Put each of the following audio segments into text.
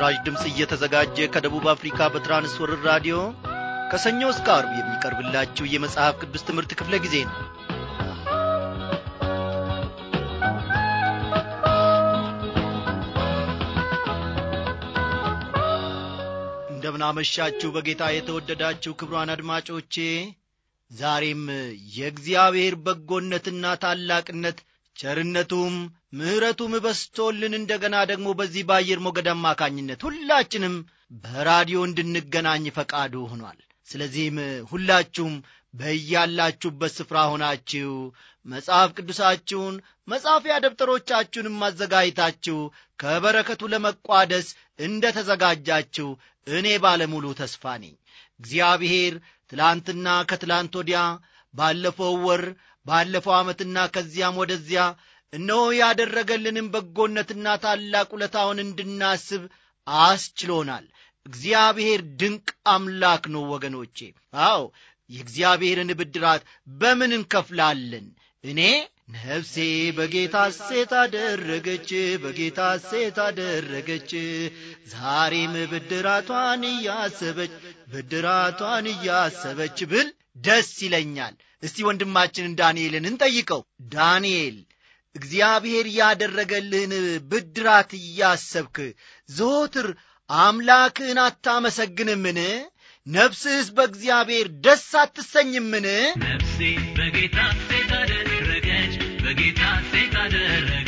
ለምስራች ድምፅ እየተዘጋጀ ከደቡብ አፍሪካ በትራንስወርር ራዲዮ ከሰኞ እስከ አርብ የሚቀርብላችሁ የመጽሐፍ ቅዱስ ትምህርት ክፍለ ጊዜ ነው እንደምናመሻችሁ በጌታ የተወደዳችሁ ክብሯን አድማጮቼ ዛሬም የእግዚአብሔር በጎነትና ታላቅነት ቸርነቱም ምሕረቱም በስቶልን እንደገና ደግሞ በዚህ በአየር ሞገድ አማካኝነት ሁላችንም በራዲዮ እንድንገናኝ ፈቃዱ ሆኗል። ስለዚህም ሁላችሁም በያላችሁበት ስፍራ ሆናችሁ መጽሐፍ ቅዱሳችሁን መጻፊያ ደብተሮቻችሁንም አዘጋጅታችሁ ከበረከቱ ለመቋደስ እንደ ተዘጋጃችሁ እኔ ባለሙሉ ተስፋ ነኝ። እግዚአብሔር ትላንትና ከትላንት ወዲያ ባለፈው ወር ባለፈው ዓመትና ከዚያም ወደዚያ እነሆ ያደረገልንም በጎነትና ታላቅ ውለታውን እንድናስብ አስችሎናል። እግዚአብሔር ድንቅ አምላክ ነው ወገኖቼ። አዎ የእግዚአብሔርን ብድራት በምን እንከፍላለን? እኔ ነፍሴ በጌታ ሴት አደረገች፣ በጌታ ሴት አደረገች። ዛሬም ብድራቷን እያሰበች ብድራቷን እያሰበች ብል ደስ ይለኛል። እስቲ ወንድማችንን ዳንኤልን እንጠይቀው። ዳንኤል እግዚአብሔር ያደረገልህን ብድራት እያሰብክ ዘወትር አምላክህን አታመሰግንምን? ነፍስህስ በእግዚአብሔር ደስ አትሰኝምን? ነፍሴ በጌታ ሴት አደረገች፣ በጌታ ሴት አደረገች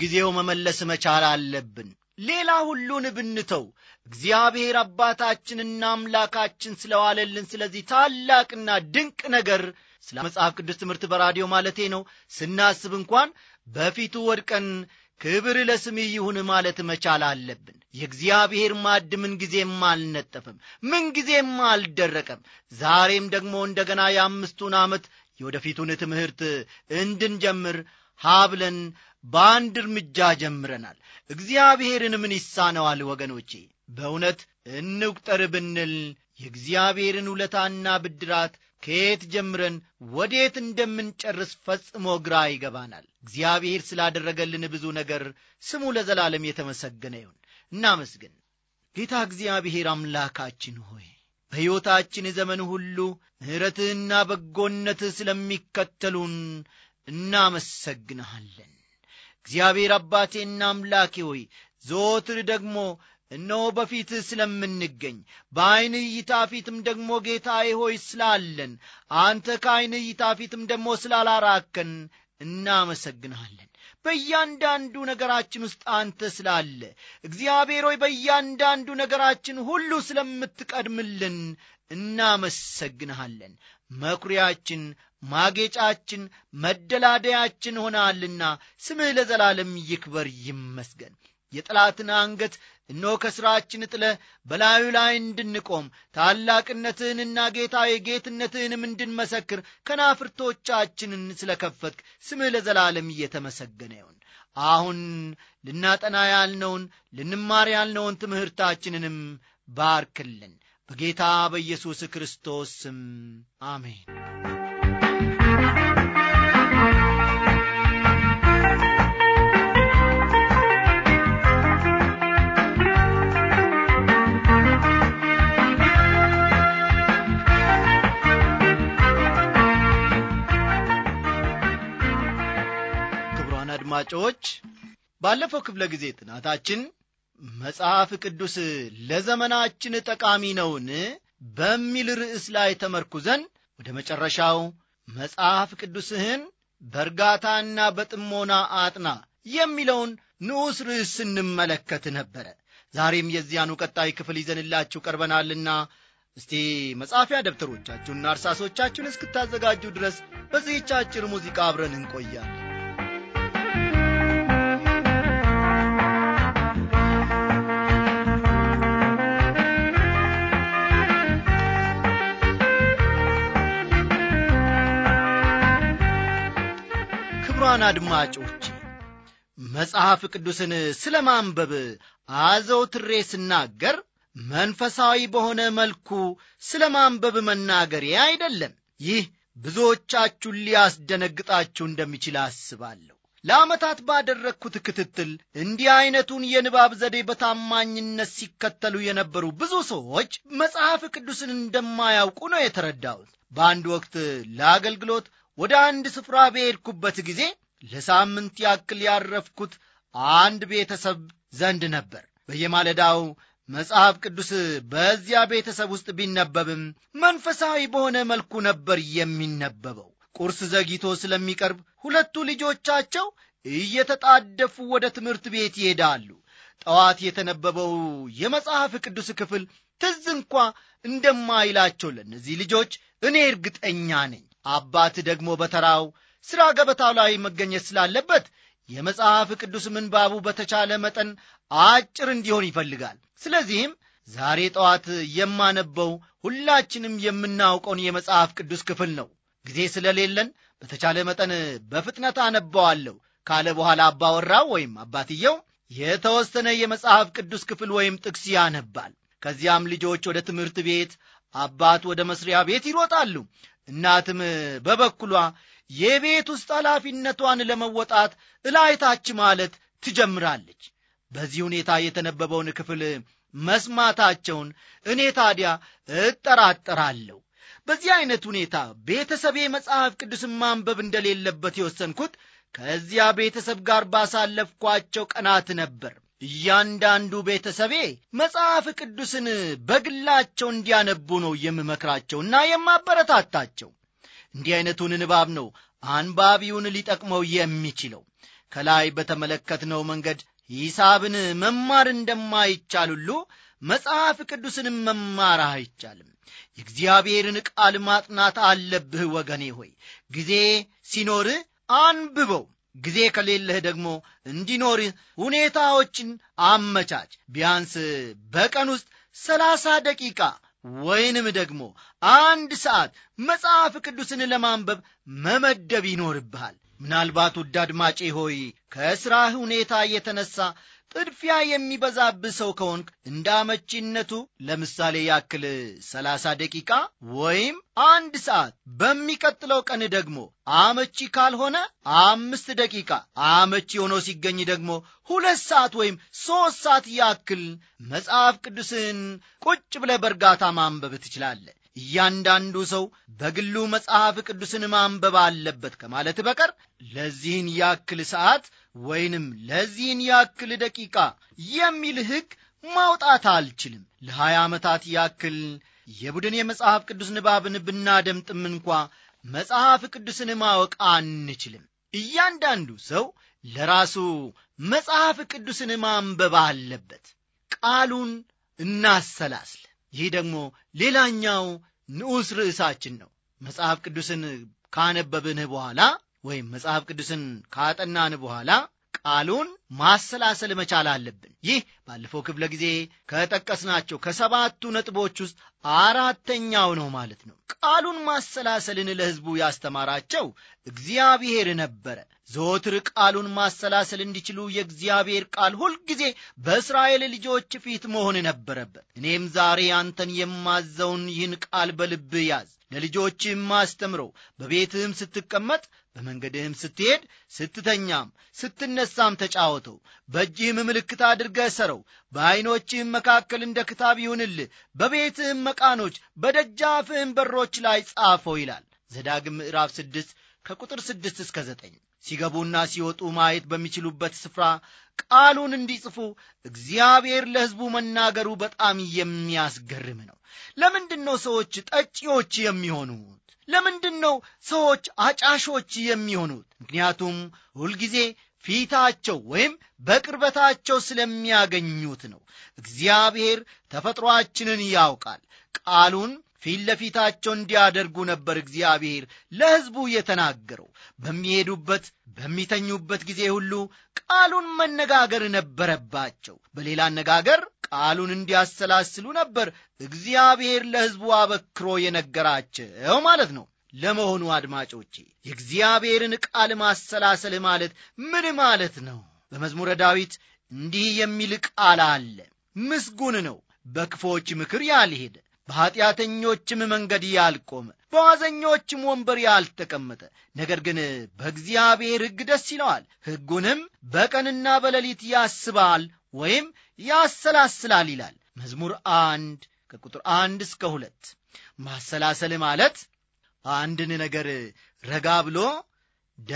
በጊዜው መመለስ መቻል አለብን ሌላ ሁሉን ብንተው እግዚአብሔር አባታችንና አምላካችን ስለዋለልን ስለዚህ ታላቅና ድንቅ ነገር ስለ መጽሐፍ ቅዱስ ትምህርት በራዲዮ ማለቴ ነው ስናስብ እንኳን በፊቱ ወድቀን ክብር ለስምህ ይሁን ማለት መቻል አለብን የእግዚአብሔር ማድ ምንጊዜም አልነጠፍም ምንጊዜም አልደረቀም ዛሬም ደግሞ እንደገና የአምስቱን ዓመት የወደፊቱን ትምህርት እንድንጀምር ሀብለን በአንድ እርምጃ ጀምረናል። እግዚአብሔርን ምን ይሳነዋል? ወገኖቼ በእውነት እንቁጠር ብንል የእግዚአብሔርን ውለታና ብድራት ከየት ጀምረን ወዴት እንደምንጨርስ ፈጽሞ ግራ ይገባናል። እግዚአብሔር ስላደረገልን ብዙ ነገር ስሙ ለዘላለም የተመሰገነ ይሁን። እናመስግን። ጌታ እግዚአብሔር አምላካችን ሆይ በሕይወታችን ዘመን ሁሉ ምሕረትህና በጎነትህ ስለሚከተሉን እናመሰግንሃለን። እግዚአብሔር አባቴና አምላኬ ሆይ ዘወትር ደግሞ እነሆ በፊትህ ስለምንገኝ በዐይን እይታ ፊትም ደግሞ ጌታዬ ሆይ ስላለን አንተ ከዐይን እይታ ፊትም ደግሞ ስላላራከን እናመሰግንሃለን በእያንዳንዱ ነገራችን ውስጥ አንተ ስላለ እግዚአብሔር ሆይ በእያንዳንዱ ነገራችን ሁሉ ስለምትቀድምልን እናመሰግንሃለን መኩሪያችን ማጌጫችን፣ መደላደያችን ሆናልና ስምህ ለዘላለም ይክበር ይመስገን። የጥላትን አንገት እኖ ከሥራችን ጥለ በላዩ ላይ እንድንቆም ታላቅነትህንና ጌታዬ ጌትነትህንም እንድንመሰክር ከናፍርቶቻችንን ስለ ከፈትክ ስምህ ለዘላለም እየተመሰገነ ይሁን። አሁን ልናጠና ያልነውን ልንማር ያልነውን ትምህርታችንንም ባርክልን። በጌታ በኢየሱስ ክርስቶስ ስም አሜን። አድማጮች ባለፈው ክፍለ ጊዜ ጥናታችን መጽሐፍ ቅዱስ ለዘመናችን ጠቃሚ ነውን በሚል ርዕስ ላይ ተመርኩዘን ወደ መጨረሻው መጽሐፍ ቅዱስህን በእርጋታና በጥሞና አጥና የሚለውን ንዑስ ርዕስ ስንመለከት ነበረ። ዛሬም የዚያኑ ቀጣይ ክፍል ይዘንላችሁ ቀርበናልና እስቲ መጻፊያ ደብተሮቻችሁና እርሳሶቻችሁን እስክታዘጋጁ ድረስ በዚህች አጭር ሙዚቃ አብረን እንቆያለን። ክቡራን አድማጮች መጽሐፍ ቅዱስን ስለ ማንበብ አዘውትሬ ስናገር መንፈሳዊ በሆነ መልኩ ስለ ማንበብ መናገሬ አይደለም። ይህ ብዙዎቻችሁን ሊያስደነግጣችሁ እንደሚችል አስባለሁ። ለዓመታት ባደረግኩት ክትትል እንዲህ ዐይነቱን የንባብ ዘዴ በታማኝነት ሲከተሉ የነበሩ ብዙ ሰዎች መጽሐፍ ቅዱስን እንደማያውቁ ነው የተረዳሁት። በአንድ ወቅት ለአገልግሎት ወደ አንድ ስፍራ በሄድኩበት ጊዜ ለሳምንት ያክል ያረፍኩት አንድ ቤተሰብ ዘንድ ነበር። በየማለዳው መጽሐፍ ቅዱስ በዚያ ቤተሰብ ውስጥ ቢነበብም መንፈሳዊ በሆነ መልኩ ነበር የሚነበበው። ቁርስ ዘግይቶ ስለሚቀርብ ሁለቱ ልጆቻቸው እየተጣደፉ ወደ ትምህርት ቤት ይሄዳሉ። ጠዋት የተነበበው የመጽሐፍ ቅዱስ ክፍል ትዝ እንኳ እንደማይላቸው ለእነዚህ ልጆች እኔ እርግጠኛ ነኝ። አባት ደግሞ በተራው ሥራ ገበታው ላይ መገኘት ስላለበት የመጽሐፍ ቅዱስ ምንባቡ በተቻለ መጠን አጭር እንዲሆን ይፈልጋል። ስለዚህም ዛሬ ጠዋት የማነበው ሁላችንም የምናውቀውን የመጽሐፍ ቅዱስ ክፍል ነው። ጊዜ ስለሌለን በተቻለ መጠን በፍጥነት አነበዋለሁ ካለ በኋላ አባወራው ወይም አባትየው የተወሰነ የመጽሐፍ ቅዱስ ክፍል ወይም ጥቅስ ያነባል። ከዚያም ልጆች ወደ ትምህርት ቤት፣ አባት ወደ መስሪያ ቤት ይሮጣሉ። እናትም በበኩሏ የቤት ውስጥ ኃላፊነቷን ለመወጣት እላይታች ማለት ትጀምራለች። በዚህ ሁኔታ የተነበበውን ክፍል መስማታቸውን እኔ ታዲያ እጠራጠራለሁ። በዚህ ዐይነት ሁኔታ ቤተሰቤ መጽሐፍ ቅዱስን ማንበብ እንደሌለበት የወሰንኩት ከዚያ ቤተሰብ ጋር ባሳለፍኳቸው ቀናት ነበር። እያንዳንዱ ቤተሰቤ መጽሐፍ ቅዱስን በግላቸው እንዲያነቡ ነው የምመክራቸውና የማበረታታቸው። እንዲህ ዐይነቱን ንባብ ነው አንባቢውን ሊጠቅመው የሚችለው። ከላይ በተመለከትነው መንገድ ሂሳብን መማር እንደማይቻል ሁሉ መጽሐፍ ቅዱስንም መማር አይቻልም። የእግዚአብሔርን ቃል ማጥናት አለብህ ወገኔ ሆይ። ጊዜ ሲኖር አንብበው። ጊዜ ከሌለህ ደግሞ እንዲኖርህ ሁኔታዎችን አመቻች። ቢያንስ በቀን ውስጥ ሰላሳ ደቂቃ ወይንም ደግሞ አንድ ሰዓት መጽሐፍ ቅዱስን ለማንበብ መመደብ ይኖርብሃል። ምናልባት ውድ አድማጬ ሆይ ከሥራህ ሁኔታ የተነሳ ጥድፊያ የሚበዛብህ ሰው ከሆንክ እንደ አመቺነቱ ለምሳሌ ያክል ሰላሳ ደቂቃ ወይም አንድ ሰዓት፣ በሚቀጥለው ቀን ደግሞ አመቺ ካልሆነ አምስት ደቂቃ፣ አመቺ ሆኖ ሲገኝ ደግሞ ሁለት ሰዓት ወይም ሦስት ሰዓት ያክል መጽሐፍ ቅዱስን ቁጭ ብለህ በእርጋታ ማንበብ ትችላለህ። እያንዳንዱ ሰው በግሉ መጽሐፍ ቅዱስን ማንበብ አለበት ከማለት በቀር ለዚህን ያክል ሰዓት ወይንም ለዚህን ያክል ደቂቃ የሚል ሕግ ማውጣት አልችልም። ለሀያ ዓመታት ያክል የቡድን የመጽሐፍ ቅዱስ ንባብን ብናደምጥም እንኳ መጽሐፍ ቅዱስን ማወቅ አንችልም። እያንዳንዱ ሰው ለራሱ መጽሐፍ ቅዱስን ማንበብ አለበት። ቃሉን እናሰላስል። ይህ ደግሞ ሌላኛው ንዑስ ርዕሳችን ነው። መጽሐፍ ቅዱስን ካነበብንህ በኋላ ወይም መጽሐፍ ቅዱስን ካጠናን በኋላ ቃሉን ማሰላሰል መቻል አለብን። ይህ ባለፈው ክፍለ ጊዜ ከጠቀስናቸው ከሰባቱ ነጥቦች ውስጥ አራተኛው ነው ማለት ነው። ቃሉን ማሰላሰልን ለሕዝቡ ያስተማራቸው እግዚአብሔር ነበረ። ዘወትር ቃሉን ማሰላሰል እንዲችሉ የእግዚአብሔር ቃል ሁልጊዜ በእስራኤል ልጆች ፊት መሆን ነበረበት። እኔም ዛሬ አንተን የማዘውን ይህን ቃል በልብ ያዝ፣ ለልጆችም አስተምረው፣ በቤትህም ስትቀመጥ በመንገድህም ስትሄድ ስትተኛም ስትነሳም ተጫወተው። በእጅህም ምልክት አድርገህ ሰረው። በዐይኖችህም መካከል እንደ ክታብ ይሁንልህ። በቤትህም መቃኖች በደጃፍህም በሮች ላይ ጻፈው ይላል ዘዳግም ምዕራፍ ስድስት ከቁጥር ስድስት እስከ ዘጠኝ ሲገቡና ሲወጡ ማየት በሚችሉበት ስፍራ ቃሉን እንዲጽፉ እግዚአብሔር ለሕዝቡ መናገሩ በጣም የሚያስገርም ነው። ለምንድን ነው ሰዎች ጠጪዎች የሚሆኑት? ለምንድን ነው ሰዎች አጫሾች የሚሆኑት? ምክንያቱም ሁልጊዜ ፊታቸው ወይም በቅርበታቸው ስለሚያገኙት ነው። እግዚአብሔር ተፈጥሮአችንን ያውቃል። ቃሉን ፊት ለፊታቸው እንዲያደርጉ ነበር እግዚአብሔር ለሕዝቡ የተናገረው። በሚሄዱበት በሚተኙበት ጊዜ ሁሉ ቃሉን መነጋገር ነበረባቸው። በሌላ አነጋገር ቃሉን እንዲያሰላስሉ ነበር እግዚአብሔር ለሕዝቡ አበክሮ የነገራቸው ማለት ነው። ለመሆኑ አድማጮቼ የእግዚአብሔርን ቃል ማሰላሰል ማለት ምን ማለት ነው? በመዝሙረ ዳዊት እንዲህ የሚል ቃል አለ። ምስጉን ነው፣ በክፎች ምክር ያልሄደ፣ በኀጢአተኞችም መንገድ ያልቆመ፣ በዋዘኞችም ወንበር ያልተቀመጠ ነገር ግን በእግዚአብሔር ሕግ ደስ ይለዋል፣ ሕጉንም በቀንና በሌሊት ያስባል ወይም ያሰላስላል ይላል መዝሙር አንድ ከቁጥር አንድ እስከ ሁለት ማሰላሰል ማለት አንድን ነገር ረጋ ብሎ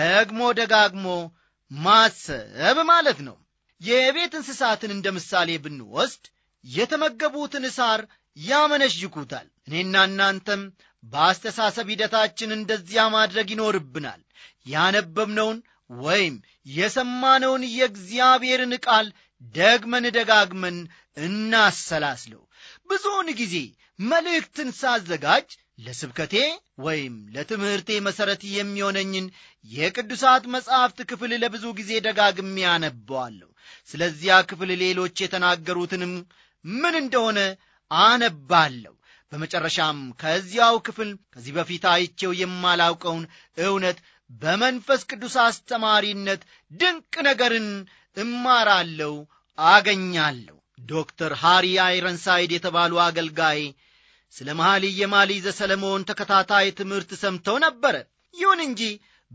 ደግሞ ደጋግሞ ማሰብ ማለት ነው። የቤት እንስሳትን እንደ ምሳሌ ብንወስድ የተመገቡትን ሳር ያመነዥኩታል። እኔና እናንተም በአስተሳሰብ ሂደታችን እንደዚያ ማድረግ ይኖርብናል። ያነበብነውን ወይም የሰማነውን የእግዚአብሔርን ቃል ደግመን ደጋግመን እናሰላስለው። ብዙውን ጊዜ መልእክትን ሳዘጋጅ ለስብከቴ ወይም ለትምህርቴ መሠረት የሚሆነኝን የቅዱሳት መጻሕፍት ክፍል ለብዙ ጊዜ ደጋግሜ ያነበዋለሁ ስለዚያ ክፍል ሌሎች የተናገሩትንም ምን እንደሆነ አነባለሁ። በመጨረሻም ከዚያው ክፍል ከዚህ በፊት አይቼው የማላውቀውን እውነት በመንፈስ ቅዱስ አስተማሪነት ድንቅ ነገርን እማራለው አገኛለሁ። ዶክተር ሃሪ አይረንሳይድ የተባሉ አገልጋይ ስለ መኃልየ የማሊ ዘሰለሞን ተከታታይ ትምህርት ሰምተው ነበረ። ይሁን እንጂ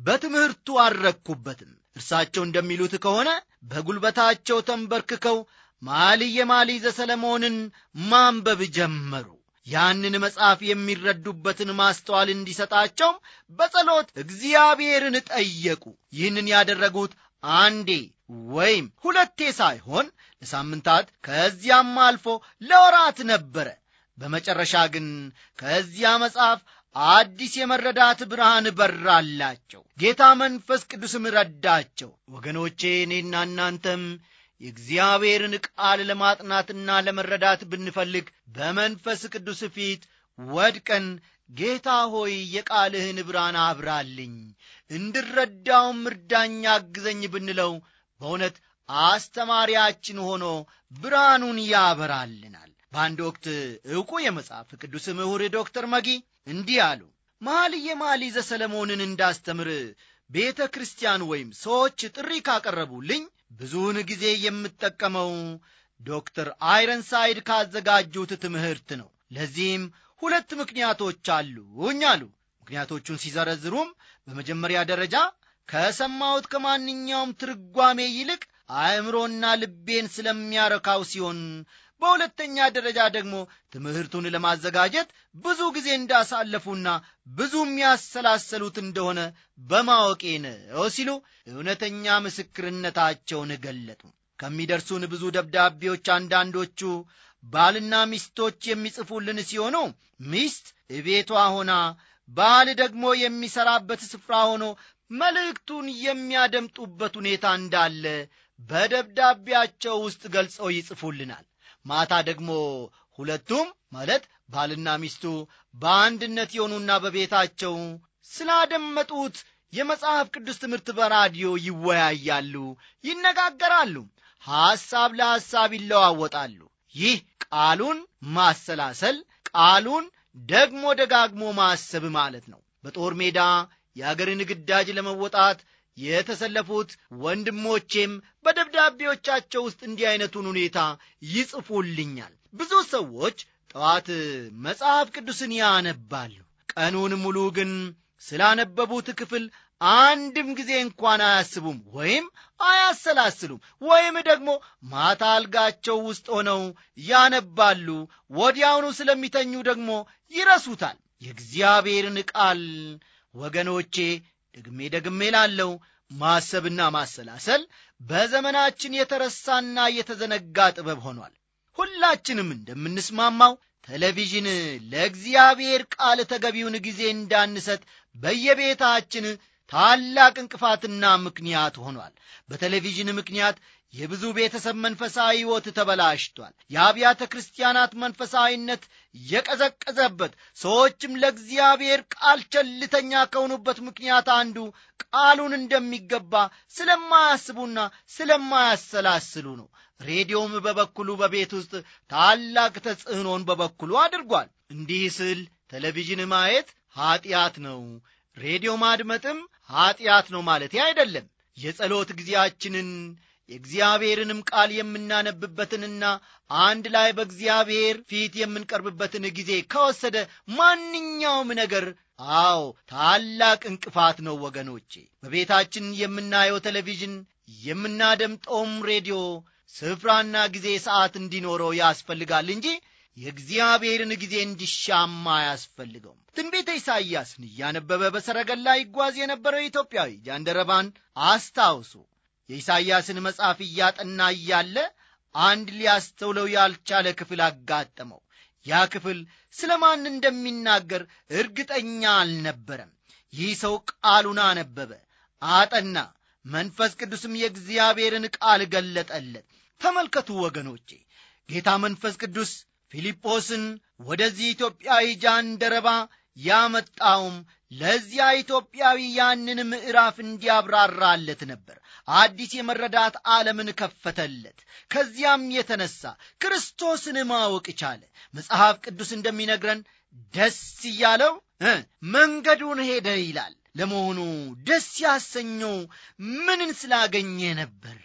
በትምህርቱ አልረግኩበትም እርሳቸው እንደሚሉት ከሆነ በጉልበታቸው ተንበርክከው መኃልየ መኃልይ ዘሰሎሞንን ማንበብ ጀመሩ። ያንን መጽሐፍ የሚረዱበትን ማስተዋል እንዲሰጣቸውም በጸሎት እግዚአብሔርን ጠየቁ። ይህንን ያደረጉት አንዴ ወይም ሁለቴ ሳይሆን ለሳምንታት ከዚያም አልፎ ለወራት ነበረ። በመጨረሻ ግን ከዚያ መጽሐፍ አዲስ የመረዳት ብርሃን በራላቸው። ጌታ መንፈስ ቅዱስም ረዳቸው። ወገኖቼ እኔና እናንተም የእግዚአብሔርን ቃል ለማጥናትና ለመረዳት ብንፈልግ በመንፈስ ቅዱስ ፊት ወድቀን ጌታ ሆይ የቃልህን ብርሃን አብራልኝ፣ እንድረዳውም እርዳኝ፣ አግዘኝ ብንለው በእውነት አስተማሪያችን ሆኖ ብርሃኑን ያበራልናል። በአንድ ወቅት ዕውቁ የመጽሐፍ ቅዱስ ምሁር ዶክተር መጊ እንዲህ አሉ። መኃልየ መኃልይ ሰለሞንን እንዳስተምር ቤተ ክርስቲያን ወይም ሰዎች ጥሪ ካቀረቡልኝ ብዙውን ጊዜ የምጠቀመው ዶክተር አይረንሳይድ ካዘጋጁት ትምህርት ነው። ለዚህም ሁለት ምክንያቶች አሉኝ አሉ። ምክንያቶቹን ሲዘረዝሩም በመጀመሪያ ደረጃ ከሰማሁት ከማንኛውም ትርጓሜ ይልቅ አእምሮና ልቤን ስለሚያረካው ሲሆን በሁለተኛ ደረጃ ደግሞ ትምህርቱን ለማዘጋጀት ብዙ ጊዜ እንዳሳለፉና ብዙ የሚያሰላሰሉት እንደሆነ በማወቄ ነው ሲሉ እውነተኛ ምስክርነታቸውን ገለጡ። ከሚደርሱን ብዙ ደብዳቤዎች አንዳንዶቹ ባልና ሚስቶች የሚጽፉልን ሲሆኑ ሚስት እቤቷ ሆና ባል ደግሞ የሚሠራበት ስፍራ ሆኖ መልእክቱን የሚያደምጡበት ሁኔታ እንዳለ በደብዳቤያቸው ውስጥ ገልጸው ይጽፉልናል። ማታ ደግሞ ሁለቱም ማለት ባልና ሚስቱ በአንድነት የሆኑና በቤታቸው ስላደመጡት የመጽሐፍ ቅዱስ ትምህርት በራዲዮ ይወያያሉ፣ ይነጋገራሉ፣ ሐሳብ ለሐሳብ ይለዋወጣሉ። ይህ ቃሉን ማሰላሰል፣ ቃሉን ደግሞ ደጋግሞ ማሰብ ማለት ነው። በጦር ሜዳ የአገርን ግዳጅ ለመወጣት የተሰለፉት ወንድሞቼም በደብዳቤዎቻቸው ውስጥ እንዲህ ዐይነቱን ሁኔታ ይጽፉልኛል። ብዙ ሰዎች ጠዋት መጽሐፍ ቅዱስን ያነባሉ። ቀኑን ሙሉ ግን ስላነበቡት ክፍል አንድም ጊዜ እንኳን አያስቡም ወይም አያሰላስሉም። ወይም ደግሞ ማታ አልጋቸው ውስጥ ሆነው ያነባሉ፣ ወዲያውኑ ስለሚተኙ ደግሞ ይረሱታል። የእግዚአብሔርን ቃል ወገኖቼ ደግሜ ደግሜ ላለው ማሰብና ማሰላሰል በዘመናችን የተረሳና የተዘነጋ ጥበብ ሆኗል። ሁላችንም እንደምንስማማው ቴሌቪዥን ለእግዚአብሔር ቃል ተገቢውን ጊዜ እንዳንሰጥ በየቤታችን ታላቅ እንቅፋትና ምክንያት ሆኗል። በቴሌቪዥን ምክንያት የብዙ ቤተሰብ መንፈሳዊ ሕይወት ተበላሽቷል። የአብያተ ክርስቲያናት መንፈሳዊነት የቀዘቀዘበት፣ ሰዎችም ለእግዚአብሔር ቃል ቸልተኛ ከሆኑበት ምክንያት አንዱ ቃሉን እንደሚገባ ስለማያስቡና ስለማያሰላስሉ ነው። ሬዲዮም በበኩሉ በቤት ውስጥ ታላቅ ተጽዕኖን በበኩሉ አድርጓል። እንዲህ ስል ቴሌቪዥን ማየት ኀጢአት ነው፣ ሬዲዮ ማድመጥም ኀጢአት ነው ማለት አይደለም። የጸሎት ጊዜያችንን የእግዚአብሔርንም ቃል የምናነብበትንና አንድ ላይ በእግዚአብሔር ፊት የምንቀርብበትን ጊዜ ከወሰደ ማንኛውም ነገር አዎ ታላቅ እንቅፋት ነው ወገኖቼ። በቤታችን የምናየው ቴሌቪዥን፣ የምናደምጠውም ሬዲዮ ስፍራና ጊዜ ሰዓት እንዲኖረው ያስፈልጋል እንጂ የእግዚአብሔርን ጊዜ እንዲሻማ አያስፈልገውም። ትንቤተ ኢሳይያስን እያነበበ በሰረገላ ይጓዝ የነበረው ኢትዮጵያዊ ጃንደረባን አስታውሱ። የኢሳይያስን መጽሐፍ እያጠና እያለ አንድ ሊያስተውለው ያልቻለ ክፍል አጋጠመው። ያ ክፍል ስለ ማን እንደሚናገር እርግጠኛ አልነበረም። ይህ ሰው ቃሉን አነበበ፣ አጠና፣ መንፈስ ቅዱስም የእግዚአብሔርን ቃል ገለጠለት። ተመልከቱ ወገኖቼ፣ ጌታ መንፈስ ቅዱስ ፊልጶስን ወደዚህ ኢትዮጵያዊ ጃንደረባ ያመጣውም ለዚያ ኢትዮጵያዊ ያንን ምዕራፍ እንዲያብራራለት ነበር። አዲስ የመረዳት ዓለምን ከፈተለት። ከዚያም የተነሳ ክርስቶስን ማወቅ ቻለ። መጽሐፍ ቅዱስ እንደሚነግረን ደስ እያለው መንገዱን ሄደ ይላል። ለመሆኑ ደስ ያሰኘው ምንን ስላገኘ ነበር?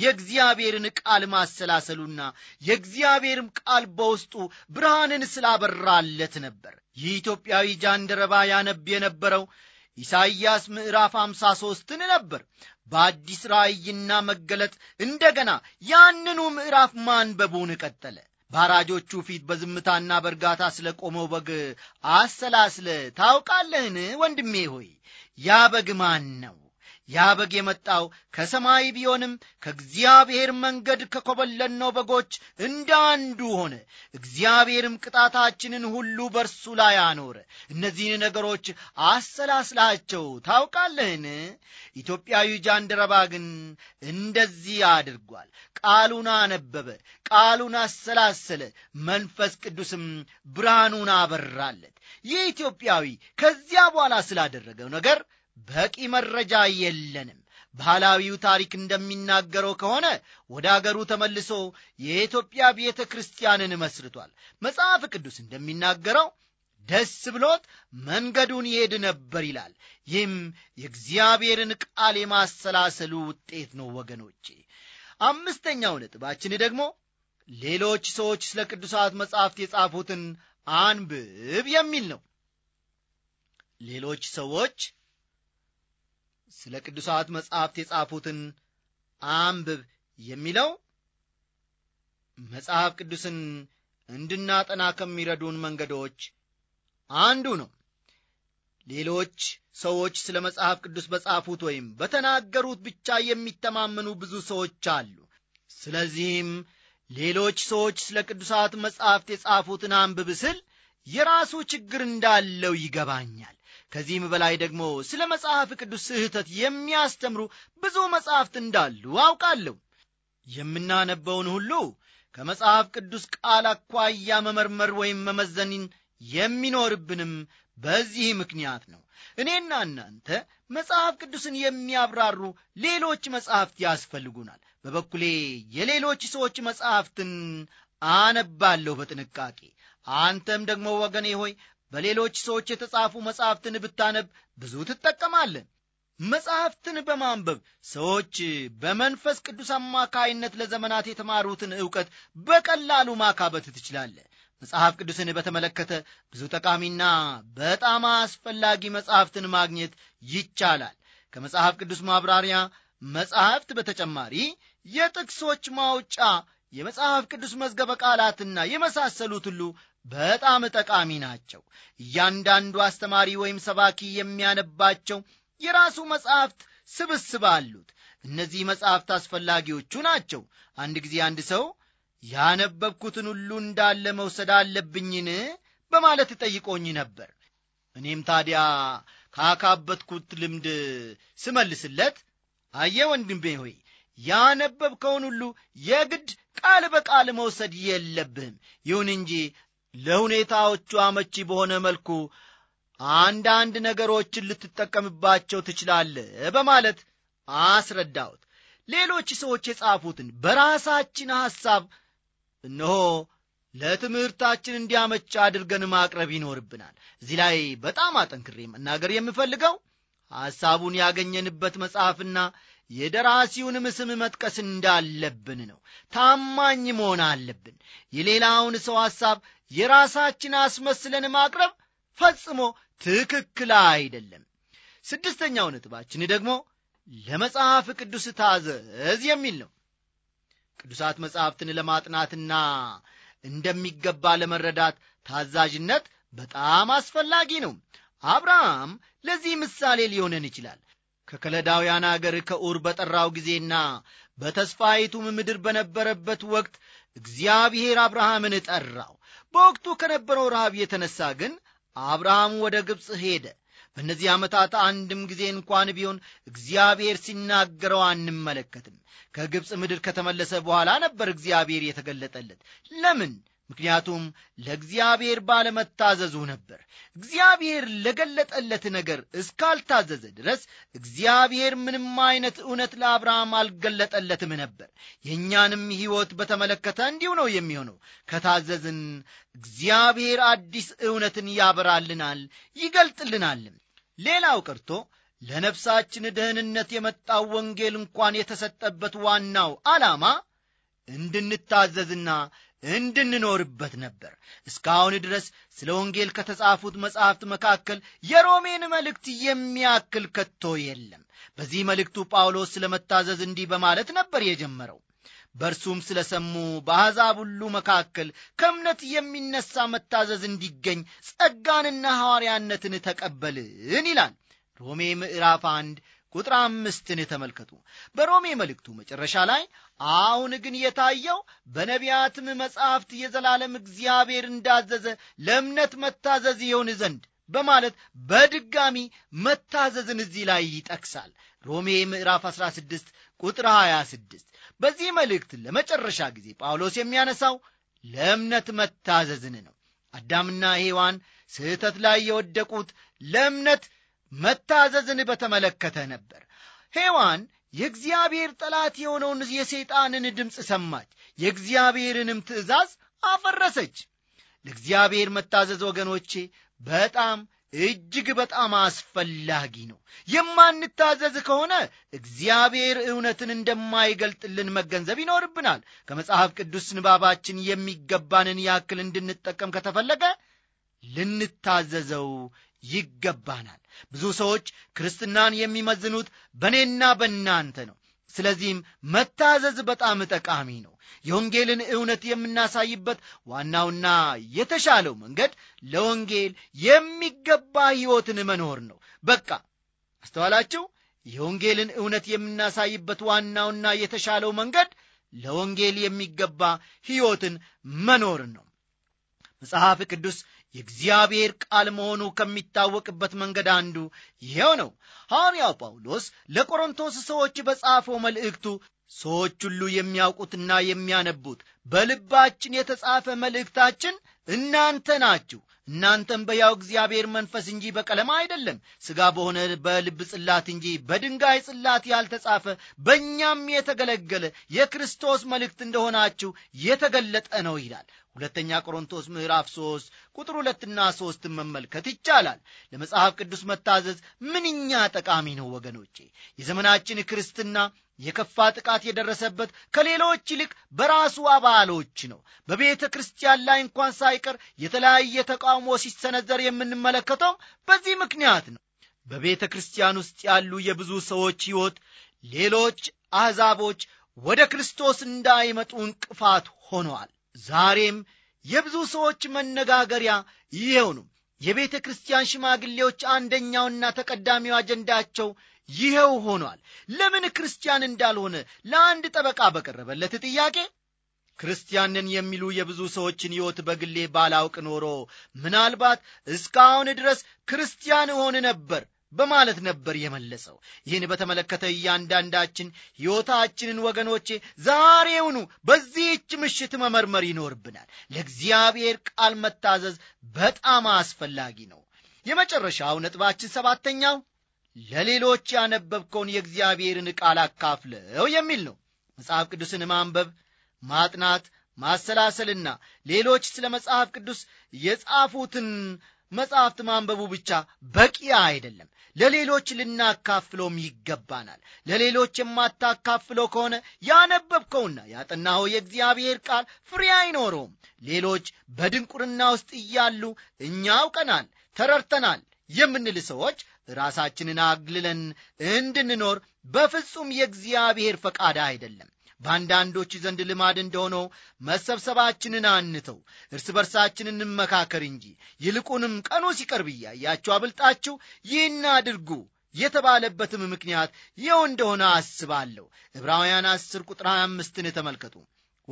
የእግዚአብሔርን ቃል ማሰላሰሉና የእግዚአብሔርም ቃል በውስጡ ብርሃንን ስላበራለት ነበር። የኢትዮጵያዊ ጃንደረባ ያነብ የነበረው ኢሳይያስ ምዕራፍ ሃምሳ ሦስትን ነበር። በአዲስ ራእይና መገለጥ እንደገና ያንኑ ምዕራፍ ማንበቡን ቀጠለ። ባራጆቹ ፊት በዝምታና በእርጋታ ስለ ቆመው በግ አሰላስለ ታውቃለህን? ወንድሜ ሆይ ያ በግ ማን ነው? ያ በግ የመጣው ከሰማይ ቢሆንም ከእግዚአብሔር መንገድ ከኮበለነው በጎች እንደ አንዱ ሆነ። እግዚአብሔርም ቅጣታችንን ሁሉ በርሱ ላይ አኖረ። እነዚህን ነገሮች አሰላስላቸው ታውቃለህን? ኢትዮጵያዊ ጃንደረባ ግን እንደዚህ አድርጓል። ቃሉን አነበበ፣ ቃሉን አሰላሰለ፣ መንፈስ ቅዱስም ብርሃኑን አበራለት። ይህ ኢትዮጵያዊ ከዚያ በኋላ ስላደረገው ነገር በቂ መረጃ የለንም። ባህላዊው ታሪክ እንደሚናገረው ከሆነ ወደ አገሩ ተመልሶ የኢትዮጵያ ቤተ ክርስቲያንን መስርቷል። መጽሐፍ ቅዱስ እንደሚናገረው ደስ ብሎት መንገዱን ይሄድ ነበር ይላል። ይህም የእግዚአብሔርን ቃል የማሰላሰሉ ውጤት ነው ወገኖቼ። አምስተኛው ነጥባችን ደግሞ ሌሎች ሰዎች ስለ ቅዱሳት መጻሕፍት የጻፉትን አንብብ የሚል ነው። ሌሎች ሰዎች ስለ ቅዱሳት መጻሕፍት የጻፉትን አንብብ የሚለው መጽሐፍ ቅዱስን እንድናጠና ከሚረዱን መንገዶች አንዱ ነው። ሌሎች ሰዎች ስለ መጽሐፍ ቅዱስ በጻፉት ወይም በተናገሩት ብቻ የሚተማመኑ ብዙ ሰዎች አሉ። ስለዚህም ሌሎች ሰዎች ስለ ቅዱሳት መጻሕፍት የጻፉትን አንብብ ስል የራሱ ችግር እንዳለው ይገባኛል። ከዚህም በላይ ደግሞ ስለ መጽሐፍ ቅዱስ ስህተት የሚያስተምሩ ብዙ መጽሐፍት እንዳሉ አውቃለሁ። የምናነበውን ሁሉ ከመጽሐፍ ቅዱስ ቃል አኳያ መመርመር ወይም መመዘንን የሚኖርብንም በዚህ ምክንያት ነው። እኔና እናንተ መጽሐፍ ቅዱስን የሚያብራሩ ሌሎች መጽሐፍት ያስፈልጉናል። በበኩሌ የሌሎች ሰዎች መጽሐፍትን አነባለሁ በጥንቃቄ። አንተም ደግሞ ወገኔ ሆይ በሌሎች ሰዎች የተጻፉ መጻሕፍትን ብታነብ ብዙ ትጠቀማለን። መጽሐፍትን በማንበብ ሰዎች በመንፈስ ቅዱስ አማካይነት ለዘመናት የተማሩትን ዕውቀት በቀላሉ ማካበት ትችላለ። መጽሐፍ ቅዱስን በተመለከተ ብዙ ጠቃሚና በጣም አስፈላጊ መጽሐፍትን ማግኘት ይቻላል። ከመጽሐፍ ቅዱስ ማብራሪያ መጽሐፍት በተጨማሪ የጥቅሶች ማውጫ የመጽሐፍ ቅዱስ መዝገበ ቃላትና የመሳሰሉት ሁሉ በጣም ጠቃሚ ናቸው። እያንዳንዱ አስተማሪ ወይም ሰባኪ የሚያነባቸው የራሱ መጽሐፍት ስብስብ አሉት። እነዚህ መጽሐፍት አስፈላጊዎቹ ናቸው። አንድ ጊዜ አንድ ሰው ያነበብኩትን ሁሉ እንዳለ መውሰድ አለብኝን በማለት ጠይቆኝ ነበር። እኔም ታዲያ ካካበትኩት ልምድ ስመልስለት አየ ወንድሜ ሆይ ያነበብከውን ሁሉ የግድ ቃል በቃል መውሰድ የለብህም። ይሁን እንጂ ለሁኔታዎቹ አመቺ በሆነ መልኩ አንዳንድ ነገሮችን ልትጠቀምባቸው ትችላለህ በማለት አስረዳሁት። ሌሎች ሰዎች የጻፉትን በራሳችን ሐሳብ እነሆ ለትምህርታችን እንዲያመች አድርገን ማቅረብ ይኖርብናል። እዚህ ላይ በጣም አጠንክሬ መናገር የምፈልገው ሐሳቡን ያገኘንበት መጽሐፍና የደራሲውንም ስም መጥቀስ እንዳለብን ነው። ታማኝ መሆን አለብን። የሌላውን ሰው ሐሳብ የራሳችን አስመስለን ማቅረብ ፈጽሞ ትክክል አይደለም። ስድስተኛው ነጥባችን ደግሞ ለመጽሐፍ ቅዱስ ታዘዝ የሚል ነው። ቅዱሳት መጽሐፍትን ለማጥናትና እንደሚገባ ለመረዳት ታዛዥነት በጣም አስፈላጊ ነው። አብርሃም ለዚህ ምሳሌ ሊሆነን ይችላል። ከከለዳውያን አገር ከዑር በጠራው ጊዜና በተስፋይቱም ምድር በነበረበት ወቅት እግዚአብሔር አብርሃምን ጠራው። በወቅቱ ከነበረው ረሃብ የተነሳ ግን አብርሃም ወደ ግብፅ ሄደ። በእነዚህ ዓመታት አንድም ጊዜ እንኳን ቢሆን እግዚአብሔር ሲናገረው አንመለከትም። ከግብፅ ምድር ከተመለሰ በኋላ ነበር እግዚአብሔር የተገለጠለት። ለምን? ምክንያቱም ለእግዚአብሔር ባለመታዘዙ ነበር። እግዚአብሔር ለገለጠለት ነገር እስካልታዘዘ ድረስ እግዚአብሔር ምንም አይነት እውነት ለአብርሃም አልገለጠለትም ነበር። የእኛንም ሕይወት በተመለከተ እንዲሁ ነው የሚሆነው። ከታዘዝን እግዚአብሔር አዲስ እውነትን ያበራልናል፣ ይገልጥልናልም። ሌላው ቀርቶ ለነፍሳችን ደህንነት የመጣው ወንጌል እንኳን የተሰጠበት ዋናው ዓላማ እንድንታዘዝና እንድንኖርበት ነበር እስካሁን ድረስ ስለ ወንጌል ከተጻፉት መጻሕፍት መካከል የሮሜን መልእክት የሚያክል ከቶ የለም በዚህ መልእክቱ ጳውሎስ ስለ መታዘዝ እንዲህ በማለት ነበር የጀመረው በእርሱም ስለ ሰሙ በአሕዛብ ሁሉ መካከል ከእምነት የሚነሳ መታዘዝ እንዲገኝ ጸጋንና ሐዋርያነትን ተቀበልን ይላል ሮሜ ምዕራፍ 1 ቁጥር አምስትን ተመልከቱ። በሮሜ መልእክቱ መጨረሻ ላይ አሁን ግን የታየው በነቢያትም መጻሕፍት የዘላለም እግዚአብሔር እንዳዘዘ ለእምነት መታዘዝ የሆን ዘንድ በማለት በድጋሚ መታዘዝን እዚህ ላይ ይጠቅሳል። ሮሜ ምዕራፍ 16 ቁጥር 26። በዚህ መልእክት ለመጨረሻ ጊዜ ጳውሎስ የሚያነሳው ለእምነት መታዘዝን ነው። አዳምና ሔዋን ስህተት ላይ የወደቁት ለእምነት መታዘዝን በተመለከተ ነበር። ሔዋን የእግዚአብሔር ጠላት የሆነውን የሰይጣንን ድምፅ ሰማች፣ የእግዚአብሔርንም ትእዛዝ አፈረሰች። ለእግዚአብሔር መታዘዝ ወገኖቼ በጣም እጅግ በጣም አስፈላጊ ነው። የማንታዘዝ ከሆነ እግዚአብሔር እውነትን እንደማይገልጥልን መገንዘብ ይኖርብናል። ከመጽሐፍ ቅዱስ ንባባችን የሚገባንን ያክል እንድንጠቀም ከተፈለገ ልንታዘዘው ይገባናል። ብዙ ሰዎች ክርስትናን የሚመዝኑት በእኔና በእናንተ ነው። ስለዚህም መታዘዝ በጣም ጠቃሚ ነው። የወንጌልን እውነት የምናሳይበት ዋናውና የተሻለው መንገድ ለወንጌል የሚገባ ሕይወትን መኖር ነው። በቃ አስተዋላችሁ? የወንጌልን እውነት የምናሳይበት ዋናውና የተሻለው መንገድ ለወንጌል የሚገባ ሕይወትን መኖር ነው። መጽሐፍ ቅዱስ የእግዚአብሔር ቃል መሆኑ ከሚታወቅበት መንገድ አንዱ ይኸው ነው። ሐዋርያው ጳውሎስ ለቆሮንቶስ ሰዎች በጻፈው መልእክቱ ሰዎች ሁሉ የሚያውቁትና የሚያነቡት በልባችን የተጻፈ መልእክታችን እናንተ ናችሁ። እናንተም በያው እግዚአብሔር መንፈስ እንጂ በቀለም አይደለም፣ ሥጋ በሆነ በልብ ጽላት እንጂ በድንጋይ ጽላት ያልተጻፈ በእኛም የተገለገለ የክርስቶስ መልእክት እንደሆናችሁ የተገለጠ ነው ይላል። ሁለተኛ ቆሮንቶስ ምዕራፍ 3 ቁጥር ሁለትና ሦስትን መመልከት ይቻላል። ለመጽሐፍ ቅዱስ መታዘዝ ምንኛ ጠቃሚ ነው ወገኖቼ። የዘመናችን ክርስትና የከፋ ጥቃት የደረሰበት ከሌሎች ይልቅ በራሱ አባ በዓሎች ነው። በቤተ ክርስቲያን ላይ እንኳን ሳይቀር የተለያየ ተቃውሞ ሲሰነዘር የምንመለከተው በዚህ ምክንያት ነው። በቤተ ክርስቲያን ውስጥ ያሉ የብዙ ሰዎች ሕይወት ሌሎች አሕዛቦች ወደ ክርስቶስ እንዳይመጡ እንቅፋት ሆኗል። ዛሬም የብዙ ሰዎች መነጋገሪያ ይኸው ነው። የቤተ ክርስቲያን ሽማግሌዎች አንደኛውና ተቀዳሚው አጀንዳቸው ይኸው ሆኗል። ለምን ክርስቲያን እንዳልሆነ ለአንድ ጠበቃ በቀረበለት ጥያቄ ክርስቲያንን የሚሉ የብዙ ሰዎችን ሕይወት በግሌ ባላውቅ ኖሮ ምናልባት እስካሁን ድረስ ክርስቲያን እሆን ነበር በማለት ነበር የመለሰው። ይህን በተመለከተ እያንዳንዳችን ሕይወታችንን ወገኖቼ ዛሬውኑ በዚህች ምሽት መመርመር ይኖርብናል። ለእግዚአብሔር ቃል መታዘዝ በጣም አስፈላጊ ነው። የመጨረሻው ነጥባችን ሰባተኛው ለሌሎች ያነበብከውን የእግዚአብሔርን ቃል አካፍለው የሚል ነው። መጽሐፍ ቅዱስን ማንበብ ማጥናት ማሰላሰልና ሌሎች ስለ መጽሐፍ ቅዱስ የጻፉትን መጽሐፍት ማንበቡ ብቻ በቂ አይደለም። ለሌሎች ልናካፍለውም ይገባናል። ለሌሎች የማታካፍለው ከሆነ ያነበብከውና ያጠናው የእግዚአብሔር ቃል ፍሬ አይኖረውም። ሌሎች በድንቁርና ውስጥ እያሉ እኛ አውቀናል፣ ተረድተናል የምንል ሰዎች ራሳችንን አግልለን እንድንኖር በፍጹም የእግዚአብሔር ፈቃድ አይደለም። በአንዳንዶች ዘንድ ልማድ እንደሆነው መሰብሰባችንን አንተው፣ እርስ በርሳችን እንመካከር እንጂ ይልቁንም ቀኑ ሲቀርብ እያያችሁ አብልጣችሁ ይህን አድርጉ የተባለበትም ምክንያት ይኸው እንደሆነ አስባለሁ። ዕብራውያን 10 ቁጥር 25ን ተመልከቱ።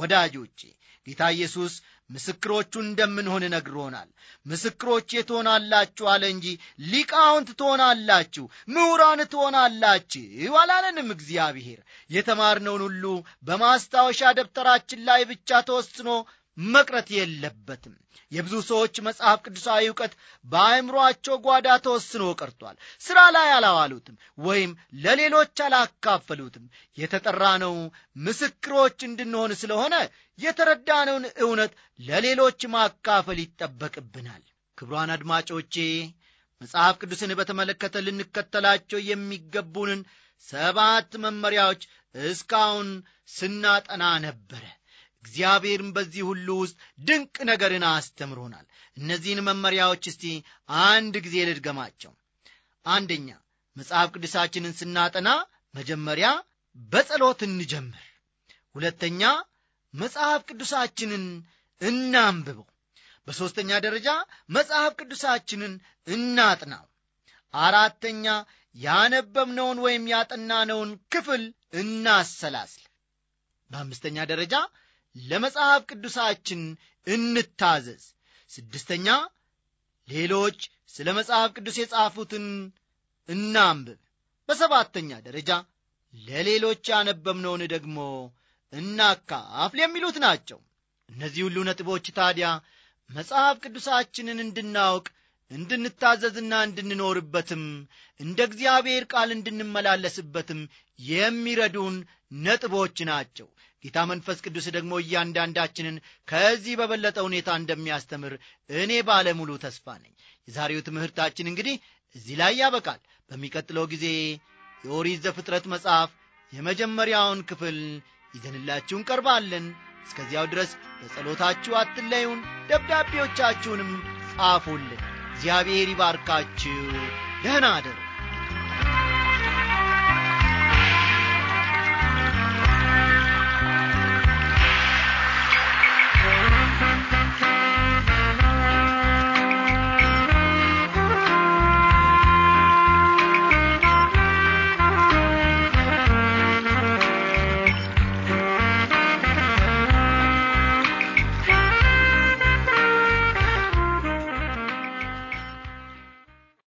ወዳጆቼ ጌታ ኢየሱስ ምስክሮቹ እንደምንሆን ነግሮናል። ምስክሮቼ ትሆናላችሁ አለ እንጂ ሊቃውንት ትሆናላችሁ፣ ምሁራን ትሆናላችሁ አላለንም። እግዚአብሔር የተማርነውን ሁሉ በማስታወሻ ደብተራችን ላይ ብቻ ተወስኖ መቅረት የለበትም። የብዙ ሰዎች መጽሐፍ ቅዱሳዊ እውቀት በአእምሮአቸው ጓዳ ተወስኖ ቀርቷል። ሥራ ላይ አላዋሉትም ወይም ለሌሎች አላካፈሉትም። የተጠራነው ምስክሮች እንድንሆን ስለሆነ የተረዳነውን እውነት ለሌሎች ማካፈል ይጠበቅብናል። ክቡራን አድማጮቼ መጽሐፍ ቅዱስን በተመለከተ ልንከተላቸው የሚገቡንን ሰባት መመሪያዎች እስካሁን ስናጠና ነበረ። እግዚአብሔርም በዚህ ሁሉ ውስጥ ድንቅ ነገርን አስተምሮናል። እነዚህን መመሪያዎች እስቲ አንድ ጊዜ ልድገማቸው። አንደኛ መጽሐፍ ቅዱሳችንን ስናጠና መጀመሪያ በጸሎት እንጀምር። ሁለተኛ መጽሐፍ ቅዱሳችንን እናንብበው። በሦስተኛ ደረጃ መጽሐፍ ቅዱሳችንን እናጥናው። አራተኛ ያነበብነውን ወይም ያጠናነውን ክፍል እናሰላስል። በአምስተኛ ደረጃ ለመጽሐፍ ቅዱሳችን እንታዘዝ። ስድስተኛ ሌሎች ስለ መጽሐፍ ቅዱስ የጻፉትን እናንብብ። በሰባተኛ ደረጃ ለሌሎች ያነበብነውን ደግሞ እናካፍል የሚሉት ናቸው። እነዚህ ሁሉ ነጥቦች ታዲያ መጽሐፍ ቅዱሳችንን እንድናውቅ እንድንታዘዝና እንድንኖርበትም እንደ እግዚአብሔር ቃል እንድንመላለስበትም የሚረዱን ነጥቦች ናቸው ጌታ መንፈስ ቅዱስ ደግሞ እያንዳንዳችንን ከዚህ በበለጠ ሁኔታ እንደሚያስተምር እኔ ባለሙሉ ተስፋ ነኝ የዛሬው ትምህርታችን እንግዲህ እዚህ ላይ ያበቃል በሚቀጥለው ጊዜ የኦሪት ዘፍጥረት መጽሐፍ የመጀመሪያውን ክፍል ይዘንላችሁ እንቀርባለን እስከዚያው ድረስ በጸሎታችሁ አትለዩን ደብዳቤዎቻችሁንም ጻፉልን እግዚአብሔር ይባርካችሁ። ደህና አደሩ።